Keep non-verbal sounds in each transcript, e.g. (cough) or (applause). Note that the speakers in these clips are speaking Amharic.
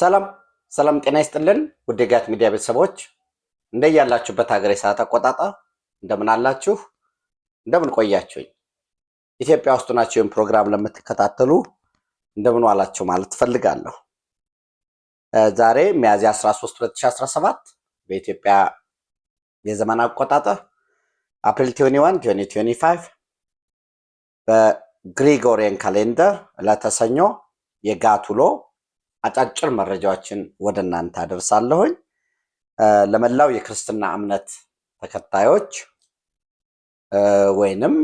ሰላም ሰላም፣ ጤና ይስጥልን ውድ የጋት ሚዲያ ቤተሰቦች እንደያላችሁበት ሀገር የሰዓት አቆጣጠር እንደምን አላችሁ? እንደምን ቆያችሁኝ? ኢትዮጵያ ውስጥ ናችሁ ይህን ፕሮግራም ለምትከታተሉ እንደምን ዋላችሁ ማለት ትፈልጋለሁ። ዛሬ ሚያዝያ 13 2017 በኢትዮጵያ የዘመን አቆጣጠር አፕሪል 21 2025 በግሪጎሪየን ካሌንደር ለተሰኞ ሰኞ የጋት ውሎ አጫጭር መረጃዎችን ወደ እናንተ አደርሳለሁኝ። ለመላው የክርስትና እምነት ተከታዮች ወይንም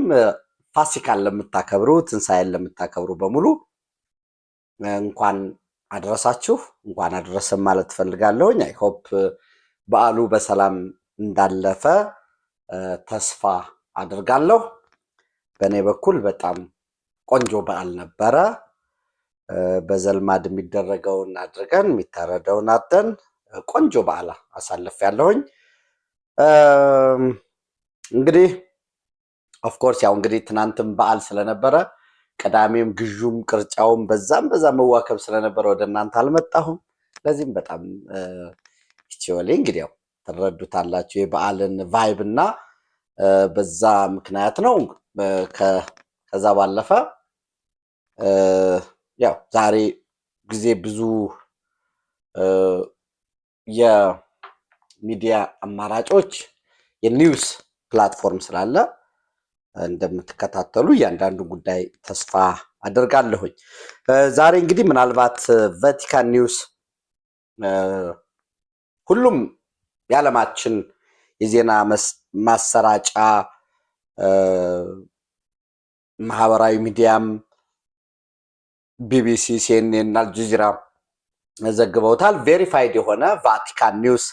ፋሲካን ለምታከብሩ ትንሣኤን ለምታከብሩ በሙሉ እንኳን አድረሳችሁ እንኳን አድረሰን ማለት ትፈልጋለሁኝ። አይሆፕ በዓሉ በሰላም እንዳለፈ ተስፋ አድርጋለሁ። በእኔ በኩል በጣም ቆንጆ በዓል ነበረ። በዘልማድ የሚደረገውን አድርገን የሚታረደውን አተን ቆንጆ በዓል አሳልፍ ያለሁኝ እንግዲህ ኦፍኮርስ ያው እንግዲህ ትናንትም በዓል ስለነበረ ቅዳሜም ግዥም ቅርጫውም በዛም በዛ መዋከብ ስለነበረ ወደ እናንተ አልመጣሁም። ለዚህም በጣም ይችወሌ እንግዲህ ያው ትረዱታላችሁ የበዓልን ቫይብ እና በዛ ምክንያት ነው። ከዛ ባለፈ ያው ዛሬ ጊዜ ብዙ የሚዲያ አማራጮች የኒውስ ፕላትፎርም ስላለ እንደምትከታተሉ እያንዳንዱ ጉዳይ ተስፋ አደርጋለሁኝ። ዛሬ እንግዲህ ምናልባት ቫቲካን ኒውስ ሁሉም የዓለማችን የዜና ማሰራጫ ማህበራዊ ሚዲያም ቢቢሲ፣ ሲኤንኤን እና አልጀዚራ ዘግበውታል። ቬሪፋይድ የሆነ ቫቲካን ኒውስ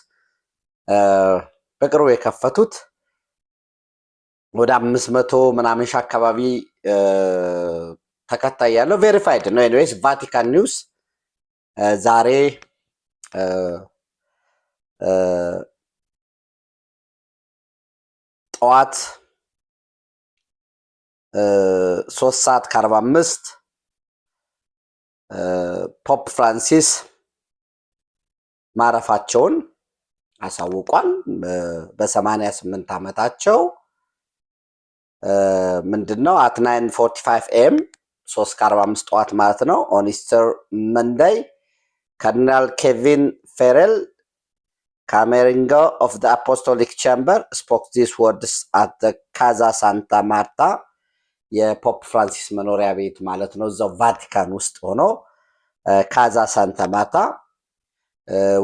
በቅርቡ የከፈቱት ወደ አምስት መቶ ምናምን አካባቢ ተከታይ ያለው ቬሪፋይድ ነው። ኤኒዌይስ ቫቲካን ኒውስ ዛሬ ጠዋት ሶስት ሰዓት ከአርባ አምስት ፖፕ ፍራንሲስ ማረፋቸውን አሳውቋል። በሰማንያ ስምንት ዓመታቸው ምንድን ነው አት ናይን ፎርቲ ፋይቭ ኤም ሶስት ከአርባ አምስት ጠዋት ማለት ነው ኦኒስተር መንደይ መንዳይ ካርዲናል ኬቪን ፌሬል ካሜሪንጎ ኦፍ ዘ አፖስቶሊክ ቻምበር ስፖክ ዚስ ወርድስ አት ዘ ካዛ ሳንታ ማርታ የፖፕ ፍራንሲስ መኖሪያ ቤት ማለት ነው። እዛው ቫቲካን ውስጥ ሆኖ ካዛ ሳንታ ማታ።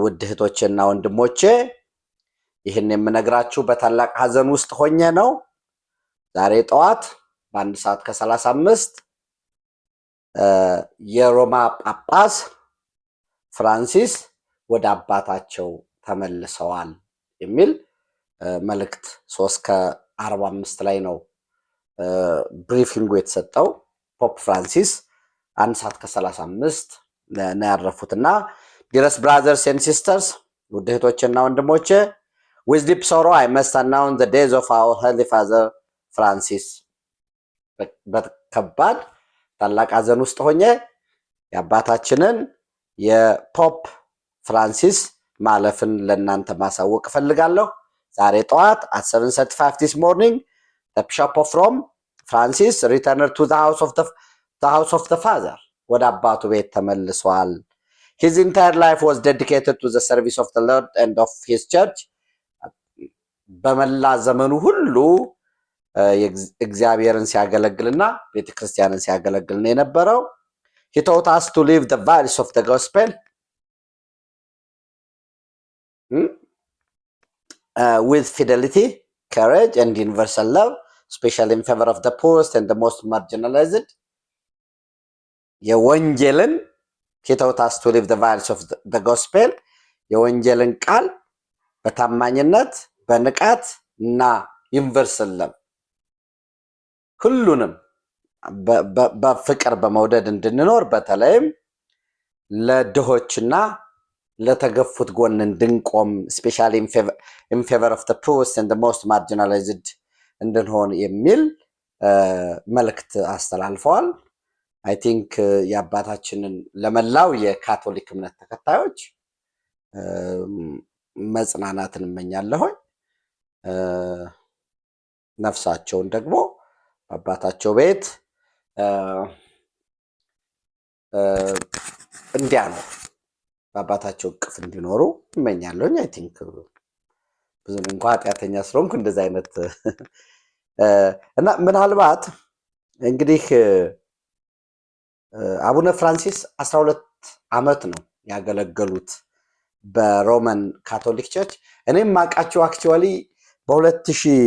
ውድ እህቶቼ ወንድሞቼ ይህን የምነግራችሁ በታላቅ ሀዘን ውስጥ ሆኜ ነው። ዛሬ ጠዋት በአንድ ሰዓት ከሰላሳ አምስት የሮማ ጳጳስ ፍራንሲስ ወደ አባታቸው ተመልሰዋል የሚል መልእክት ሶስት ከአርባ አምስት ላይ ነው ብሪፊንጉ የተሰጠው ፖፕ ፍራንሲስ አንድ ሰዓት ከሰላሳ አምስት ነው ያረፉት እና ዲረስ ብራዘርስ ኤንድ ሲስተርስ ውድ እህቶችና ወንድሞች ዊዝ ዲፕ ሶሮ አይ መስት አናውን ዘ ዴዝ ኦፍ አወር ሄሊ ፋዘር ፍራንሲስ በከባድ ታላቅ ሐዘን ውስጥ ሆኜ የአባታችንን የፖፕ ፍራንሲስ ማለፍን ለእናንተ ማሳወቅ እፈልጋለሁ። ዛሬ ጠዋት አት 7:35 ዲስ ሞርኒንግ the bishop of Rome, Francis, returned to the house of the, the house of the father. ወደ አባቱ ቤት ተመልሷል። His entire life was dedicated to the service of the Lord and of his church. በመላ ዘመኑ ሁሉ እግዚአብሔርን ሲያገለግልና ቤተክርስቲያንን ሲያገለግል ነው የነበረው። He taught us to live the values of the gospel. Hmm? with fidelity, courage, and universal love. especially in favor of the poorest and the most marginalized የወንጌልን he taught us to live the values of the gospel የወንጌልን ቃል በታማኝነት በንቃት እና ዩኒቨርሳል ለም ሁሉንም በፍቅር በመውደድ እንድንኖር በተለይም ለድሆችና ለተገፉት ጎን እንድንቆም especially in favor of the poorest and the most marginalized እንድንሆን የሚል መልእክት አስተላልፈዋል። አይ ቲንክ የአባታችንን ለመላው የካቶሊክ እምነት ተከታዮች መጽናናትን እመኛለሁኝ። ነፍሳቸውን ደግሞ በአባታቸው ቤት ነው በአባታቸው እቅፍ እንዲኖሩ እመኛለሁኝ አይ ቲንክ ብዙ እንኳ ኃጢአተኛ ስለሆንኩ እንደዚ አይነት እና ምናልባት እንግዲህ አቡነ ፍራንሲስ አስራ ሁለት ዓመት ነው ያገለገሉት በሮመን ካቶሊክ ቸርች። እኔም ማቃቸው አክቹዋሊ በሁለት ሺህ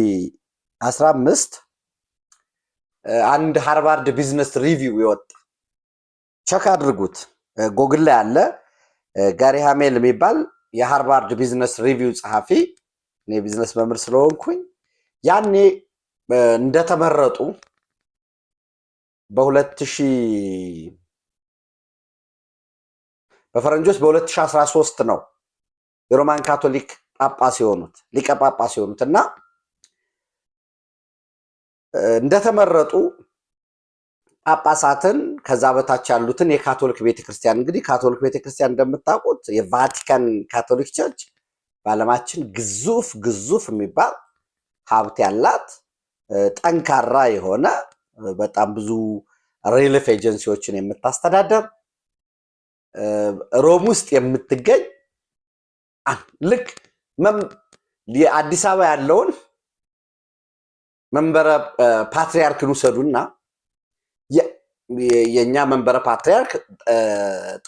አስራ አምስት አንድ ሃርቫርድ ቢዝነስ ሪቪው ይወጣ፣ ቸክ አድርጉት፣ ጎግል ላይ አለ። ጋሪ ሃሜል የሚባል የሃርቫርድ ቢዝነስ ሪቪው ጸሐፊ እኔ ቢዝነስ መምህር ስለሆንኩኝ ያኔ እንደተመረጡ በሁለት ሺህ በፈረንጆች በ2013 ነው የሮማን ካቶሊክ ጳጳስ የሆኑት ሊቀ ጳጳስ የሆኑት እና እንደተመረጡ ጳጳሳትን ከዛ በታች ያሉትን የካቶሊክ ቤተክርስቲያን እንግዲህ ካቶሊክ ቤተክርስቲያን እንደምታውቁት የቫቲካን ካቶሊክ ቸርች በዓለማችን ግዙፍ ግዙፍ የሚባል ሀብት ያላት ጠንካራ የሆነ በጣም ብዙ ሪልፍ ኤጀንሲዎችን የምታስተዳደር ሮም ውስጥ የምትገኝ ልክ አዲስ አበባ ያለውን መንበረ ፓትሪያርክን ውሰዱና የእኛ መንበረ ፓትሪያርክ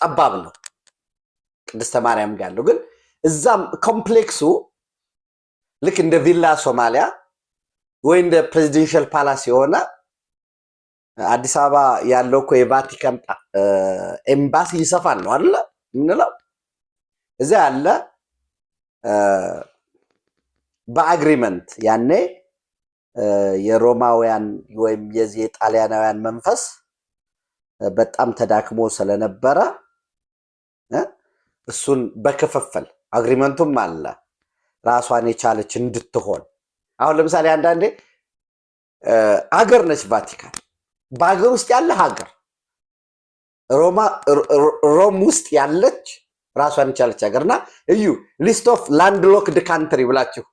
ጠባብ ነው፣ ቅድስተ ማርያም ጋር ያለው ግን እዛም ኮምፕሌክሱ ልክ እንደ ቪላ ሶማሊያ ወይ እንደ ፕሬዚደንሻል ፓላስ የሆነ አዲስ አበባ ያለው እኮ የቫቲካን ኤምባሲ ይሰፋል ነው አለ ምንለው እዚያ ያለ በአግሪመንት ያኔ የሮማውያን ወይም የዚህ የጣሊያናውያን መንፈስ በጣም ተዳክሞ ስለነበረ እሱን በክፍፍል አግሪመንቱም አለ ራሷን የቻለች እንድትሆን። አሁን ለምሳሌ አንዳንዴ አገር ነች ቫቲካን፣ በሀገር ውስጥ ያለ ሀገር ሮም ውስጥ ያለች ራሷን የቻለች ሀገር እና እዩ ሊስት ኦፍ ላንድ ሎክድ ካንትሪ ብላችሁ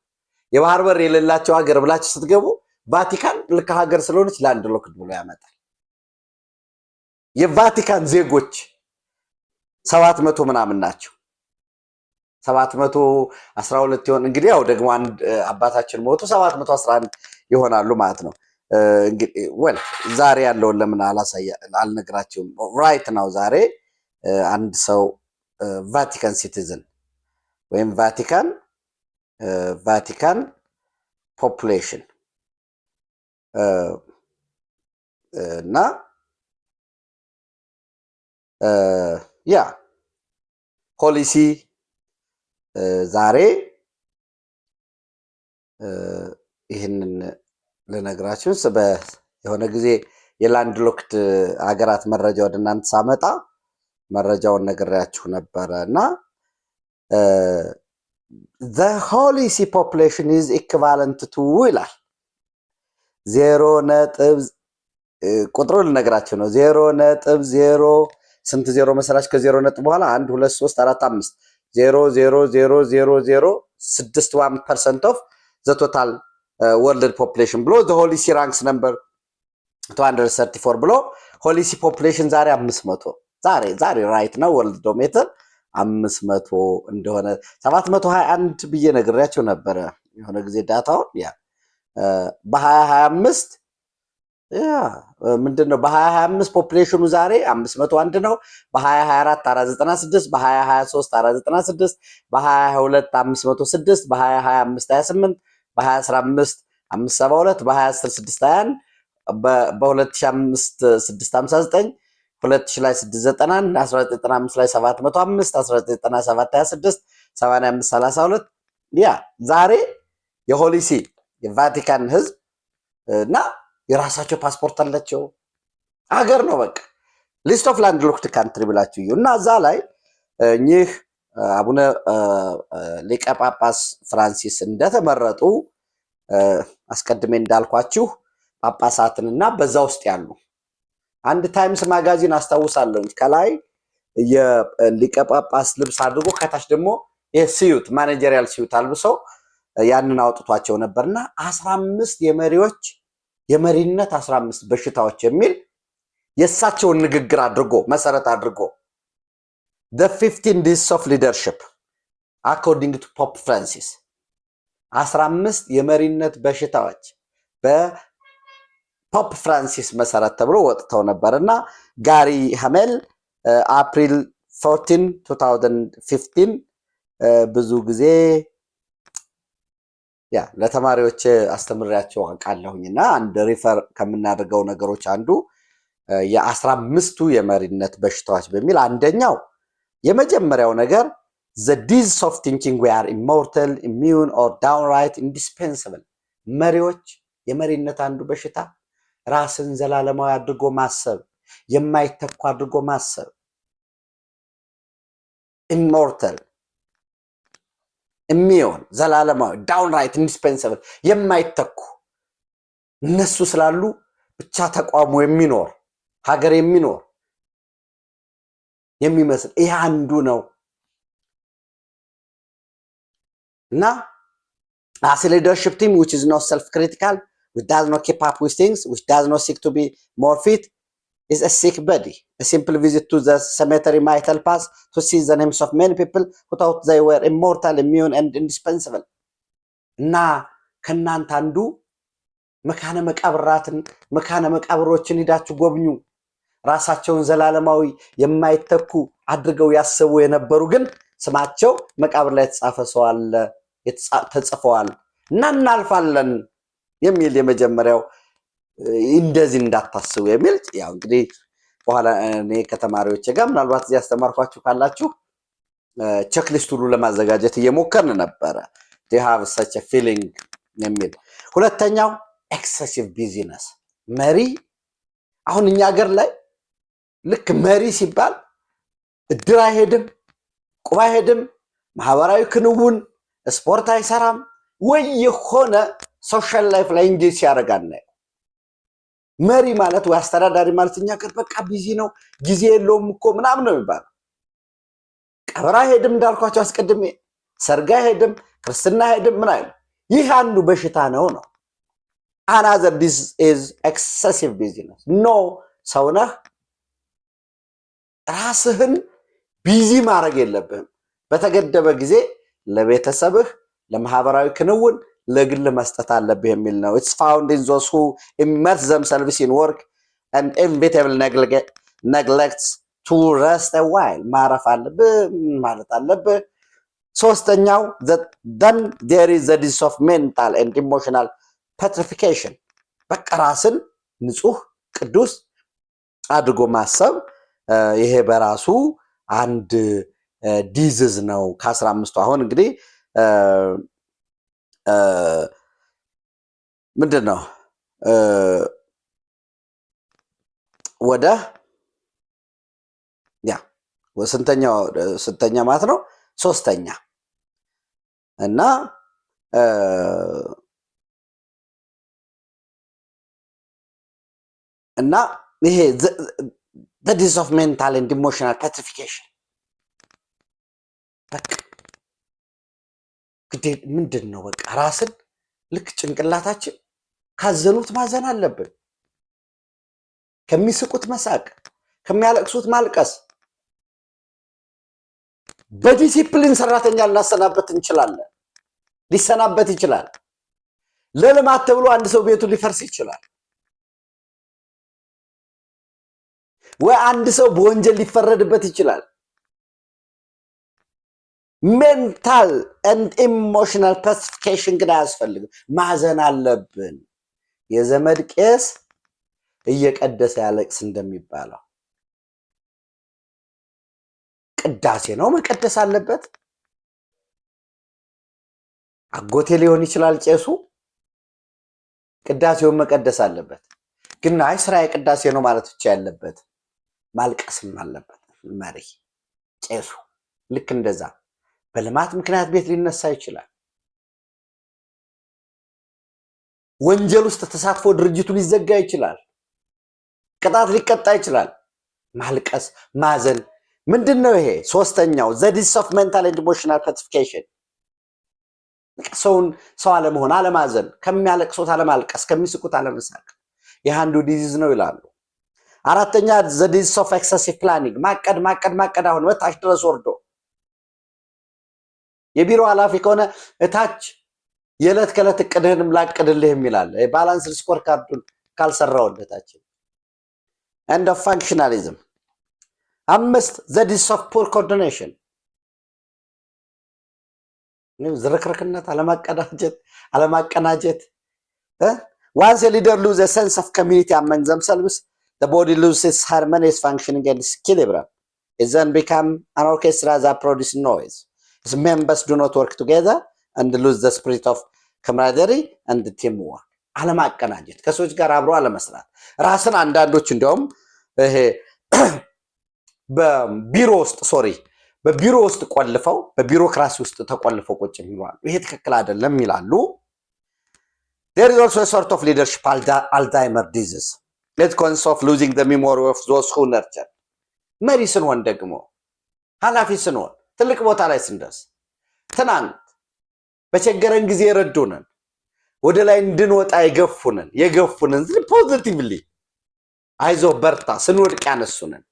የባህር በር የሌላቸው ሀገር ብላችሁ ስትገቡ ቫቲካን ልክ ሀገር ስለሆነች ላንድ ሎክድ ብሎ ያመጣል። የቫቲካን ዜጎች ሰባት መቶ ምናምን ናቸው። ሰባት መቶ አስራ ሁለት ይሆን እንግዲህ ያው ደግሞ አንድ አባታችን ሞቱ ሰባት መቶ አስራ አንድ ይሆናሉ ማለት ነው። ወል ዛሬ ያለውን ለምን አልነግራቸውም። ራይት ነው ዛሬ አንድ ሰው ቫቲካን ሲቲዝን ወይም ቫቲካን ቫቲካን ፖፑሌሽን እና ያ ፖሊሲ ዛሬ ይህንን ልነግራችሁ የሆነ ጊዜ የላንድ ሎክድ ሀገራት መረጃ ወደ እናንተ ሳመጣ መረጃውን ነግሬያችሁ ነበረ እና ዘ ሆሊሲ ፖፕሌሽን ኢዝ ኢክቫለንት ቱ ይላል ዜሮ ነጥብ ቁጥሩ ልነግራችሁ ነው ዜሮ ነጥብ ዜሮ ስንት ዜሮ መሰላችሁ ከዜሮ ነጥብ በኋላ አንድ ሁለት ሶስት አራት አምስት 0.00061 ፐርሰንት ኦፍ ዘ ቶታል ወርልድ uh, ፖፕሌሽን ብሎ ዘ ሆሊሲ ራንክስ ነምበር 234 ብሎ ሆሊሲ ፖፕሌሽን ዛሬ 500 ዛሬ ዛሬ ራይት ነው ወርልዶሜትር 500 እንደሆነ 721 ብዬ ነግሬያቸው ነበረ የሆነ ጊዜ ዳታውን ያ uh, በ2025 ምንድን ነው በ2025 ፖፕሌሽኑ ዛሬ 501 ነው። በ2024 496፣ በ2023 496፣ በ2022 506፣ በ2025 28፣ በ2015 572፣ በ2010 21 በ በ2005 659፣ 2000 ላይ 690 1995 ላይ 705፣ 1997 26፣ 85 32 ያ ዛሬ የሆሊሲ የቫቲካን ህዝብ እና የራሳቸው ፓስፖርት አላቸው። አገር ነው በቃ ሊስት ኦፍ ላንድ ሎክድ ካንትሪ ብላችሁ እዩ እና እዛ ላይ እኚህ አቡነ ሊቀ ጳጳስ ፍራንሲስ እንደተመረጡ አስቀድሜ እንዳልኳችሁ ጳጳሳትንና በዛ ውስጥ ያሉ አንድ ታይምስ ማጋዚን አስታውሳለሁ። ከላይ የሊቀ ጳጳስ ልብስ አድርጎ ከታች ደግሞ ሲዩት ማኔጀሪያል ስዩት አልብሰው ያንን አውጥቷቸው ነበርና አስራ አምስት የመሪዎች የመሪነት 15 በሽታዎች የሚል የእሳቸውን ንግግር አድርጎ መሰረት አድርጎ ደ ፊፍቲን ዲስ ኦፍ ሊደርሽፕ አኮርዲንግ ቱ ፖፕ ፍራንሲስ 15 የመሪነት በሽታዎች በፖፕ ፍራንሲስ መሰረት ተብሎ ወጥተው ነበር እና ጋሪ ሀሜል አፕሪል 14 2015 ብዙ ጊዜ ያ ለተማሪዎች አስተምሪያቸው አውቃለሁኝ እና አንድ ሪፈር ከምናደርገው ነገሮች አንዱ የአስራ አምስቱ የመሪነት በሽታዎች በሚል አንደኛው የመጀመሪያው ነገር the disease of thinking we are immortal immune or downright መሪዎች የመሪነት አንዱ በሽታ ራስን ዘላለማዊ አድርጎ ማሰብ የማይተኩ አድርጎ ማሰብ ኢሞርታል የሚሆን ዘላለማዊ ዳውን ራይት ኢንዲስፔንሰብል የማይተኩ እነሱ ስላሉ ብቻ ተቋሙ የሚኖር ሀገር የሚኖር የሚመስል ይህ አንዱ ነው እና አስ ሊደርሽፕ ቲም ዊች ኢዝ ኖት ሰልፍ ክሪቲካል ዊች ዳዝ ኖት ኪፕ አፕ ዊዝ ቲንግስ ዊች ዳዝ ኖት ሲክ ቱ ቢ ሞር ፊት is a sick body. A simple visit to the cemetery might help us to see the names of many people who thought they were immortal, immune and indispensable. እና ከእናንተ አንዱ መካነ መቃብራትን መካነ መቃብሮችን ሂዳችሁ ጎብኙ። ራሳቸውን ዘላለማዊ የማይተኩ አድርገው ያሰቡ የነበሩ ግን ስማቸው መቃብር ላይ የተጻፈ ሰው አለ ተጽፈዋል እና እናልፋለን የሚል የመጀመሪያው እንደዚህ እንዳታስቡ የሚል ያው እንግዲህ በኋላ እኔ ከተማሪዎች ጋር ምናልባት እዚህ ያስተማርኳችሁ ካላችሁ ቸክሊስት ሁሉ ለማዘጋጀት እየሞከርን ነበረ። ዲሃቭ ሰች ፊሊንግ የሚል ሁለተኛው ኤክሰሲቭ ቢዚነስ መሪ። አሁን እኛ ሀገር ላይ ልክ መሪ ሲባል እድር አይሄድም፣ ቁብ አይሄድም፣ ማህበራዊ ክንውን ስፖርት አይሰራም ወይ የሆነ ሶሻል ላይፍ ላይ እንጂ ሲያደርግ መሪ ማለት ወይ አስተዳዳሪ ማለት እኛ ገር በቃ ቢዚ ነው ጊዜ የለውም እኮ ምናምን ነው የሚባለው። ቀብራ ሄድም እንዳልኳቸው አስቀድሜ ሰርጋ ሄድም ክርስትና ሄድም ምን አይሉ ይህ አንዱ በሽታ ነው ነው አናዘር ዲስ ኢዝ ኤክሰሲቭ ቢዚነስ ኖ ሰውነህ ራስህን ቢዚ ማድረግ የለብህም። በተገደበ ጊዜ ለቤተሰብህ፣ ለማህበራዊ ክንውን ለግል መስጠት አለብህ የሚል ነው። ኢትስ ፋውንድ ኢን ዞስ ሁ ኢመርስ ዘምሰልቭስ ኢን ወርክ ኤንድ ኢንቪቴብል ነግሌክትስ ቱ ረስት ዋይል ማረፍ አለብህ ማለት አለብህ። ሶስተኛው ደን ዜር ኢዝ ዘ ዲዚዝ ኦፍ ሜንታል ኤንድ ኢሞሽናል ፔትሪፊኬሽን በቃ ራስን ንጹህ ቅዱስ አድርጎ ማሰብ ይሄ በራሱ አንድ ዲዝዝ ነው ከአስራ አምስቱ አሁን እንግዲህ ምንድን ነው ወደ ያ ስንተኛው ስንተኛ ማለት ነው ሶስተኛ እና እና ይሄ ዘ ኦፍ ሜንታል ኤንድ ኢሞሽናል በቃ ምንድን ነው በቃ ራስን ልክ ጭንቅላታችን ካዘኑት ማዘን አለብን። ከሚስቁት መሳቅ፣ ከሚያለቅሱት ማልቀስ። በዲሲፕሊን ሰራተኛ ልናሰናበት እንችላለን፣ ሊሰናበት ይችላል። ለልማት ተብሎ አንድ ሰው ቤቱ ሊፈርስ ይችላል። ወይ አንድ ሰው በወንጀል ሊፈረድበት ይችላል። ሜንታል ኤንድ ኢሞሽናል ፐስፊኬሽን ግን አያስፈልግም። ማዘን አለብን። የዘመድ ቄስ እየቀደሰ ያለቅስ እንደሚባለው ቅዳሴ ነው መቀደስ አለበት። አጎቴ ሊሆን ይችላል ቄሱ ቅዳሴውን መቀደስ አለበት። ግን አይ ስራ የቅዳሴ ነው ማለት ብቻ ያለበት ማልቀስም አለበት መሪ ቄሱ ልክ እንደዛ በልማት ምክንያት ቤት ሊነሳ ይችላል። ወንጀል ውስጥ ተሳትፎ ድርጅቱ ሊዘጋ ይችላል። ቅጣት ሊቀጣ ይችላል። ማልቀስ፣ ማዘን ምንድን ነው ይሄ? ሶስተኛው ዘ ዲዚዝ ኦፍ ሜንታል ኤንድ ኢሞሽናል ፐርቲፊኬሽን ሰውን ሰው አለመሆን፣ አለማዘን፣ ከሚያለቅሱት አለማልቀስ፣ ከሚስቁት አለመሳቅ የአንዱ ዲዚዝ ነው ይላሉ። አራተኛ ዘ ዲዚዝ ኦፍ ኤክሰሲቭ ፕላኒንግ ማቀድ ማቀድ ማቀድ አሁን በታች ድረስ ወርዶ የቢሮ ኃላፊ ከሆነ እታች የዕለት ከዕለት እቅድህንም ላቅድልህ የሚላለ ባላንስ ስኮር ካርዱን ካልሰራውለታችን እንደ ፋንክሽናሊዝም አምስት ዘዲስ ኦፍ ፑር ኮኦርዲኔሽን ዝርክርክነት፣ አለማቀናጀት አለማቀናጀት ዋንስ ሊደር ሉዝ ሰንስ ኦፍ ኮሚኒቲ አመንግ ዘምሰልብስ ቦዲ ሉዝስ ሃርመኒየስ ፋንክሽኒንግ ኤንድ ኢኩሊብረም ኢት ዘን ቢካም አን ኦርኬስትራ ዛት ፕሮዲስ ኖይዝ because members do not work together and lose the spirit of camaraderie and teamwork። አለማቀናጀት፣ ከሰዎች ጋር አብሮ አለመስራት፣ ራስን አንዳንዶች እንዲያውም ይሄ (clears throat) በቢሮ ውስጥ ሶሪ በቢሮ ውስጥ ቆልፈው በቢሮክራሲ ውስጥ ተቆልፈው ቁጭ የሚለዋሉ ይሄ ትክክል አይደለም ይላሉ። ዴር ኢዝ ኦልሶ ሶርት ኦፍ ሊደርሽፕ አልዛይመር ዲዚዝ ኢት ኮንሲስት ኦፍ ሉዚንግ ዘ ሚሞሪ ኦፍ ዞዝ ሁ ነርቸር መሪ ስንሆን ደግሞ ኃላፊ ስንሆን ትልቅ ቦታ ላይ ስንደርስ ትናንት በቸገረን ጊዜ የረዱንን ወደ ላይ እንድንወጣ የገፉንን የገፉንን ፖዚቲቭሊ አይዞ በርታ ስንወድቅ ያነሱንን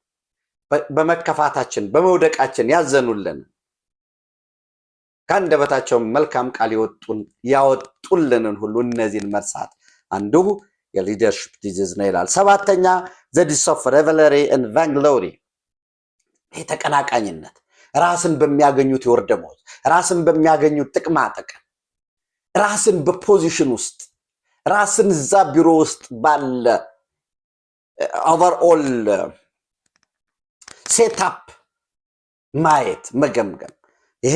በመከፋታችን በመውደቃችን ያዘኑልን ከአንደበታቸውም መልካም ቃል ያወጡልንን ሁሉ እነዚህን መርሳት አንዱ የሊደርሽፕ ዲዚዝ ነው ይላል። ሰባተኛ ዘ ዲስ ኦፍ ሬቨለሪ ኤንድ ቫንግሎሪ ራስን በሚያገኙት የወር ደመወዝ፣ ራስን በሚያገኙት ጥቅማ ጥቅም፣ ራስን በፖዚሽን ውስጥ ራስን እዛ ቢሮ ውስጥ ባለ ኦቨርኦል ሴታፕ ማየት መገምገም ይሄ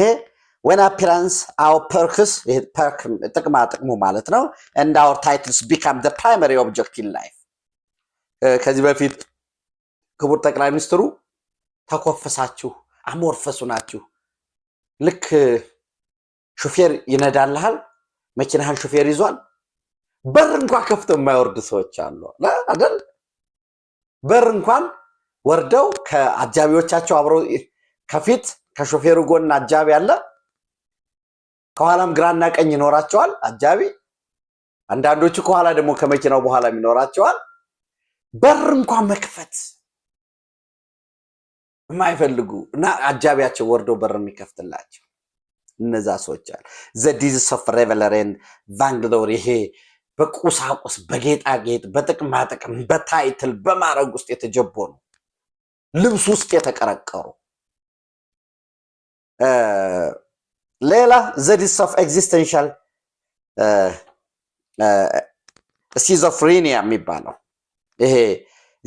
ወን አፒራንስ አወር ፐርክስ ፐርክ ጥቅማ ጥቅሙ ማለት ነው። እንድ አወር ታይትልስ ቢካም ደ ፕራይመሪ ኦብጀክት ኢን ላይፍ። ከዚህ በፊት ክቡር ጠቅላይ ሚኒስትሩ ተኮፍሳችሁ አሞርፈሱ ናችሁ። ልክ ሹፌር ይነዳልሃል፣ መኪናህን ሹፌር ይዟል። በር እንኳ ከፍተው የማይወርዱ ሰዎች አሉ አይደል? በር እንኳን ወርደው ከአጃቢዎቻቸው አብረው ከፊት ከሾፌሩ ጎን አጃቢ አለ፣ ከኋላም ግራና ቀኝ ይኖራቸዋል አጃቢ። አንዳንዶቹ ከኋላ ደግሞ ከመኪናው በኋላም ይኖራቸዋል። በር እንኳን መክፈት የማይፈልጉ እና አጃቢያቸው ወርዶ በር የሚከፍትላቸው እነዛ ሰዎች አሉ። ዘ ዲዚዝ ኦፍ ሬቨለሬን ቫንግሎር ይሄ በቁሳቁስ በጌጣጌጥ በጥቅማጥቅም በታይትል በማረግ ውስጥ የተጀቦኑ ልብስ ውስጥ የተቀረቀሩ ሌላ ዘ ዲዚዝ ኦፍ ኤግዚስተንሻል ስኪዞፍሪኒያ የሚባለው ይሄ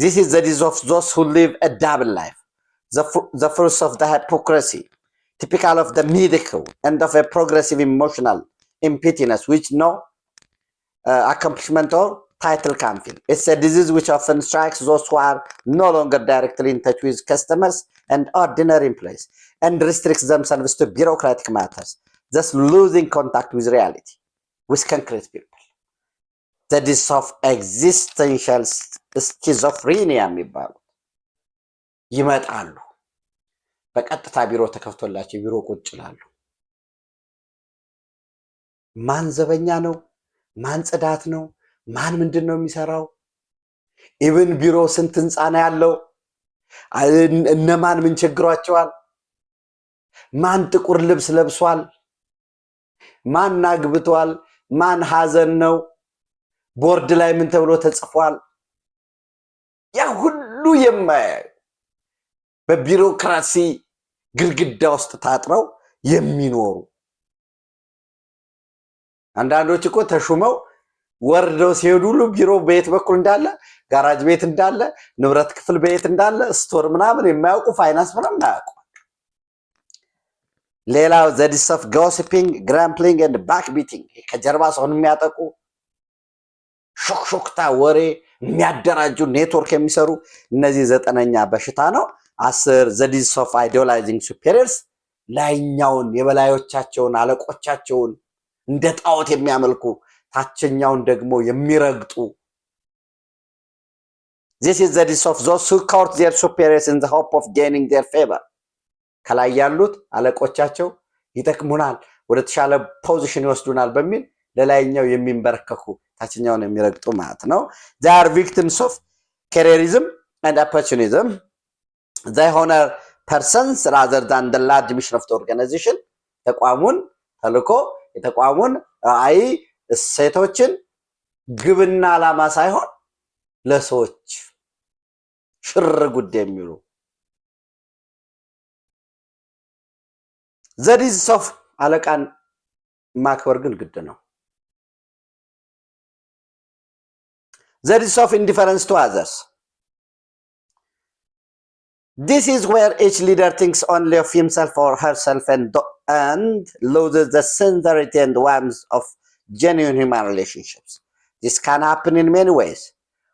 ዚስ ኢዝ ዘ ዲዚዝ ኦፍ ዞስ ሁ ሊቭ ዳብል ላይፍ the, the fruits of the hypocrisy, typical of the medical and of a progressive emotional impotence which no uh, accomplishment or title can fill. It's a disease which often strikes those who are no longer directly in touch with customers and ordinary employees and restricts themselves to bureaucratic matters, thus losing contact with reality, with concrete people. That is of existential schizophrenia የሚባሉት ይመጣሉ። በቀጥታ ቢሮ ተከፍቶላቸው ቢሮ ቁጭ ይላሉ። ማን ዘበኛ ነው? ማን ጽዳት ነው? ማን ምንድን ነው የሚሰራው? ኢብን ቢሮ ስንት ህንፃ ነው ያለው? እነማን ምን ቸግሯቸዋል? ማን ጥቁር ልብስ ለብሷል? ማን ናግብቷል? ማን ሀዘን ነው? ቦርድ ላይ ምን ተብሎ ተጽፏል? ያ ሁሉ የማያዩ በቢሮክራሲ ግድግዳ ውስጥ ታጥረው የሚኖሩ አንዳንዶች እኮ ተሹመው ወርደው ሲሄዱ ሁሉ ቢሮ በየት በኩል እንዳለ ጋራጅ ቤት እንዳለ ንብረት ክፍል በየት እንዳለ ስቶር ምናምን የማያውቁ ፋይናንስ ምናምን አያውቁ። ሌላው ዘዲስ ኦፍ ጎሲፒንግ ግራምፕሊንግ ኤንድ ባክ ቢቲንግ ከጀርባ ሰውን የሚያጠቁ ሾክሾክታ ወሬ የሚያደራጁ ኔትወርክ የሚሰሩ እነዚህ ዘጠነኛ በሽታ ነው። አስር ዘ ዲዚዝ ኦፍ አይዲዮላይዚንግ ሱፔሪየርስ ላይኛውን የበላዮቻቸውን አለቆቻቸውን እንደ ጣዖት የሚያመልኩ ታችኛውን ደግሞ የሚረግጡ ዚስ ኢዝ ዘ ዲዚዝ ኦፍ ዞስ ሁ ኮርት ዜር ሱፔሪየርስ ኢን ዘ ሆፕ ኦፍ ጌይኒንግ ዜር ፌቨር ከላይ ያሉት አለቆቻቸው ይጠቅሙናል፣ ወደ ተሻለ ፖዚሽን ይወስዱናል በሚል ለላይኛው የሚንበረከኩ ታችኛውን የሚረግጡ ማለት ነው። ዛር ቪክቲምስ ኦፍ ኬሪየሪዝም አንድ ኦፖርቹኒዝም ዘይ ሆነር ፐርሰንስ ራዘር ዳን ደ ላርጅ ሚሽን ኦፍ ኦርጋናይዜሽን ተቋሙን ተልኮ የተቋሙን ራዕይ እሴቶችን ግብና ዓላማ ሳይሆን ለሰዎች ሽር ጉድ የሚሉ ዘዲዝ ሶፍ አለቃን ማክበር ግን ግድ ነው። ዘዲዝ ሶፍ ኢንዲፈረንስ ቱ አዘርስ This is where each leader thinks only of himself or herself and, and loses the sincerity and warmth of genuine human relationships. This can happen in many ways.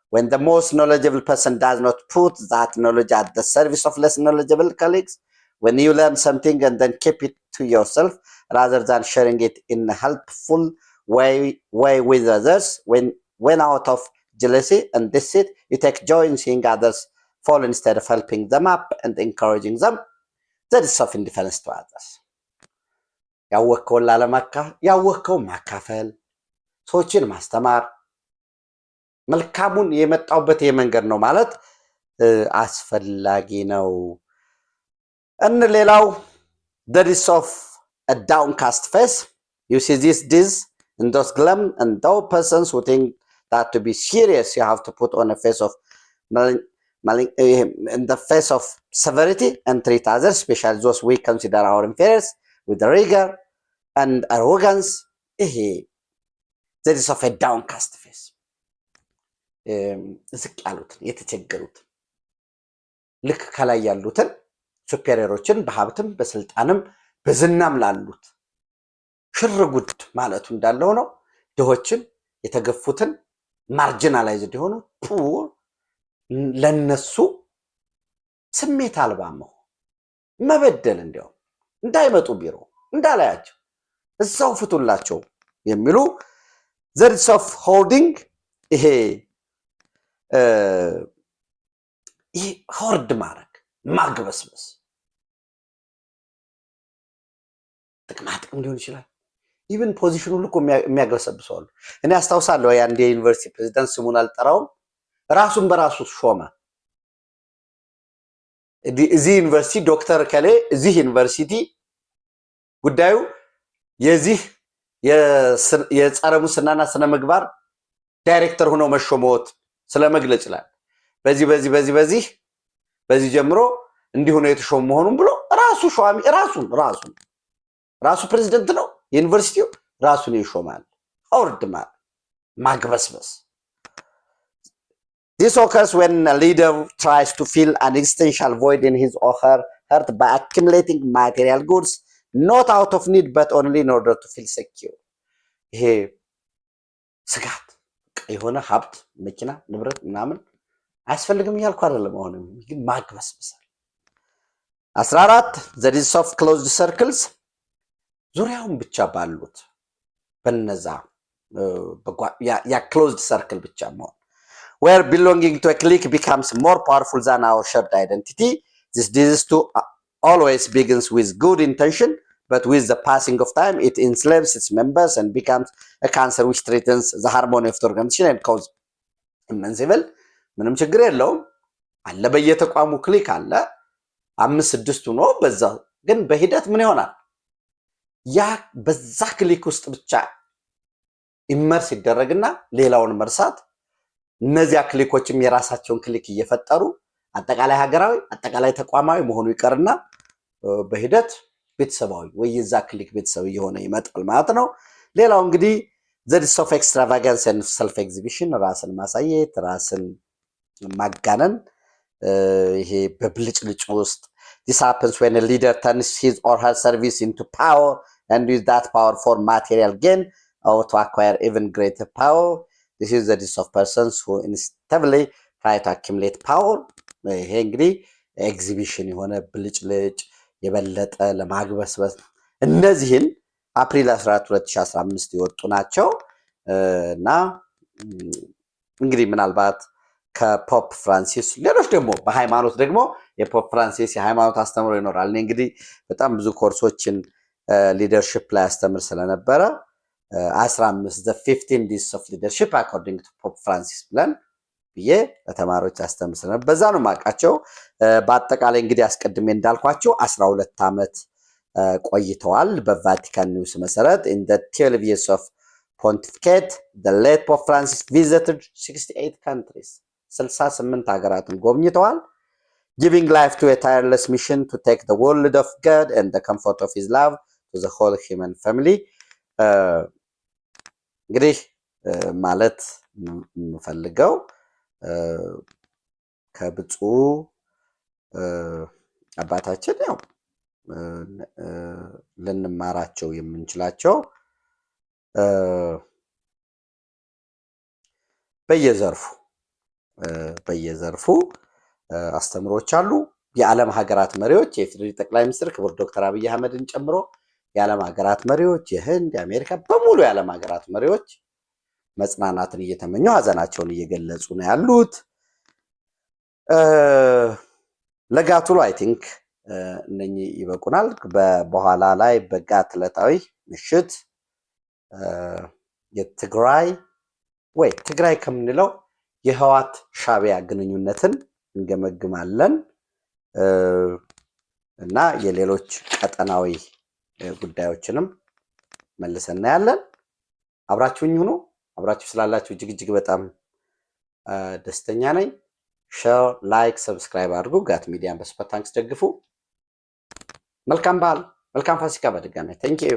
When the most knowledgeable person does not put that knowledge at the service of less knowledgeable colleagues, when you learn something and then keep it to yourself rather than sharing it in a helpful way, way with others, when, when out of jealousy and deceit, you take joy in seeing others fall instead of helping them up and encouraging them, that is of indifference to others። ያወቅከውን ላለማካ ያወቅከውን ማካፈል፣ ሰዎችን ማስተማር መልካሙን የመጣውበት የመንገድ ነው ማለት አስፈላጊ ነው። እን ሌላው ደሪስ ኦፍ ዳውንካስት ፌስ ዩ ሲ ዚስ ዲዝ እንዶስ ግለም እንዶ ፐርሰንስ ሁ ቲንክ ዳት ቱ ቢ ሲሪየስ ዩ ሃቭ ቱ ፑት ኦን ፌስ ኦፍ in the face of severity and treat others, especially those we consider our inferiors, with rigor and arrogance. That is of a downcast face ዝቅ ያሉትን የተቸገሩትን ልክ ከላይ ያሉትን ሱፔሪየሮችን በሀብትም በስልጣንም በዝናም ላሉት ሽርጉድ ማለቱ እንዳለው ነው። ድሆችን የተገፉትን ማርጂናላይዝድ የሆኑ ፑር ለነሱ ስሜት አልባ መሆን መበደል፣ እንዲያውም እንዳይመጡ ቢሮ እንዳላያቸው እዛው ፍቱላቸው የሚሉ ዘርስ ኦፍ ሆርዲንግ ይሄ ይህ ሆርድ ማድረግ ማግበስበስ ጥቅማ ጥቅም ሊሆን ይችላል። ኢቨን ፖዚሽኑ ልኮ የሚያገበሰብሰዋሉ። እኔ አስታውሳለሁ የአንድ የዩኒቨርሲቲ ፕሬዚዳንት ስሙን አልጠራውም ራሱን በራሱ ሾመ። እዚህ ዩኒቨርሲቲ ዶክተር ከሌ እዚህ ዩኒቨርሲቲ ጉዳዩ የዚህ የጸረ ሙስናና ስነ ምግባር ዳይሬክተር ሆኖ መሾመዎት ስለመግለጽ ይላል። በዚህ በዚህ በዚህ በዚህ በዚህ ጀምሮ እንዲሁ ነው የተሾሙ መሆኑን ብሎ ራሱ ሿሚ ራሱ ራሱ ራሱ ፕሬዚደንት ነው ዩኒቨርሲቲው ራሱን ይሾማል። አውርድ ማግበስበስ This occurs when a leader tries to fill an existential void in his or her heart by accumulating material goods not out of need but only in order to feel secure። ይሄ ስጋት የሆነ ሀብት፣ መኪና፣ ንብረት ምናምን አያስፈልግም እያልኩ አይደለም። አሁንም ግን ማግበስበሳል። አስራ አራት ዘዲስ ኦፍ ክሎዝድ ሰርክልስ ዙሪያውን ብቻ ባሉት በነዛ ያ ክሎዝድ ሰርክል ብቻ መሆን where belonging to a clique becomes more powerful than our shared identity. This disease too always begins with good intention, but with the passing of time, it enslaves its members and becomes a cancer which threatens the harmony of the organization and causes immense evil. ምንም ችግር የለውም አለ። በየተቋሙ ክሊክ አለ፣ አምስት ስድስቱ ነው በዛ። ግን በሂደት ምን ይሆናል? ያ በዛ ክሊክ ውስጥ ብቻ ይመርስ ይደረግና ሌላውን መርሳት እነዚያ ክሊኮችም የራሳቸውን ክሊክ እየፈጠሩ አጠቃላይ ሀገራዊ አጠቃላይ ተቋማዊ መሆኑ ይቀርና በሂደት ቤተሰባዊ ወይ የዛ ክሊክ ቤተሰብ እየሆነ ይመጣል ማለት ነው። ሌላው እንግዲህ ዘዲስ ኦፍ ኤክስትራቫጋንስ ን ሰልፍ ኤግዚቢሽን ራስን ማሳየት፣ ራስን ማጋነን ይሄ በብልጭልጭ ውስጥ ዲስ ሀፕንስ ዌን ሊደር ተርንስ ሂዝ ኦር ሀር ሰርቪስ ኢንቱ ፓወር ኤንድ ዩዝ ዛት ፓወር ፎር ማቴሪያል ጌን ኦር ቱ አኳየር ኢቨን ግሬተር ፓወር ዲስ ኢዝ ዘ ዲስ ኦፍ ፐርሰንስ ሁ ኢንስታብሊ ትራይ ቱ አኪሙሌት ፓወር። ይሄ እንግዲህ ኤግዚቢሽን የሆነ ብልጭልጭ የበለጠ ለማግበስበስ እነዚህን አፕሪል 14 2015 የወጡ ናቸው እና እንግዲህ ምናልባት ከፖፕ ፍራንሲስ ሌሎች ደግሞ በሃይማኖት ደግሞ የፖፕ ፍራንሲስ የሃይማኖት አስተምሮ ይኖራል። እኔ እንግዲህ በጣም ብዙ ኮርሶችን ሊደርሽፕ ላይ አስተምር ስለነበረ 15 ፊፍቲን ዲስ ኦፍ ሊደርሺፕ አኮርዲንግ ቱ ፖፕ ፍራንሲስ ብለን ብዬ ለተማሪዎች አስተምር ስለነበር በዛ ነው የማውቃቸው። በአጠቃላይ እንግዲህ አስቀድሜ እንዳልኳቸው 12 ዓመት ቆይተዋል በቫቲካን ኒውስ መሰረት። ኢን ዘ ትዌልቭ ይርስ ኦፍ ፖንቲፊኬት ዘ ሌት ፖፕ ፍራንሲስ ቪዚትድ 68 ካንትሪስ 68 ሀገራትን ጎብኝተዋል። ጊቪንግ ላይፍ ቱ ሚሽን ቱ ቴክ ዘ ወርልድ ኦፍ ጋድ ኤንድ ዘ ኮምፎርት ኦፍ ሂዝ ላቭ ቱ ዘ ሆል ፋሚሊ እንግዲህ ማለት የምፈልገው ከብፁዕ አባታችን ያው ልንማራቸው የምንችላቸው በየዘርፉ በየዘርፉ አስተምሮች አሉ። የዓለም ሀገራት መሪዎች የኢፌዴሪ ጠቅላይ ሚኒስትር ክቡር ዶክተር አብይ አህመድን ጨምሮ የዓለም ሀገራት መሪዎች የህንድ፣ የአሜሪካ በሙሉ የዓለም ሀገራት መሪዎች መጽናናትን እየተመኙ ሀዘናቸውን እየገለጹ ነው ያሉት። ለጋቱሎ አይ ቲንክ እነኚህ ይበቁናል። በኋላ ላይ በጋት ዕለታዊ ምሽት የትግራይ ወይ ትግራይ ከምንለው የህዋት ሻቢያ ግንኙነትን እንገመግማለን እና የሌሎች ቀጠናዊ ጉዳዮችንም መልሰን እናያለን። አብራችሁኝ ሁኑ። አብራችሁ ስላላችሁ እጅግ እጅግ በጣም ደስተኛ ነኝ። ሸር፣ ላይክ፣ ሰብስክራይብ አድርጉ። ጋት ሚዲያን በሱፐር ታንክስ ደግፉ። መልካም በዓል፣ መልካም ፋሲካ። በድጋሚ ቴንኪዩ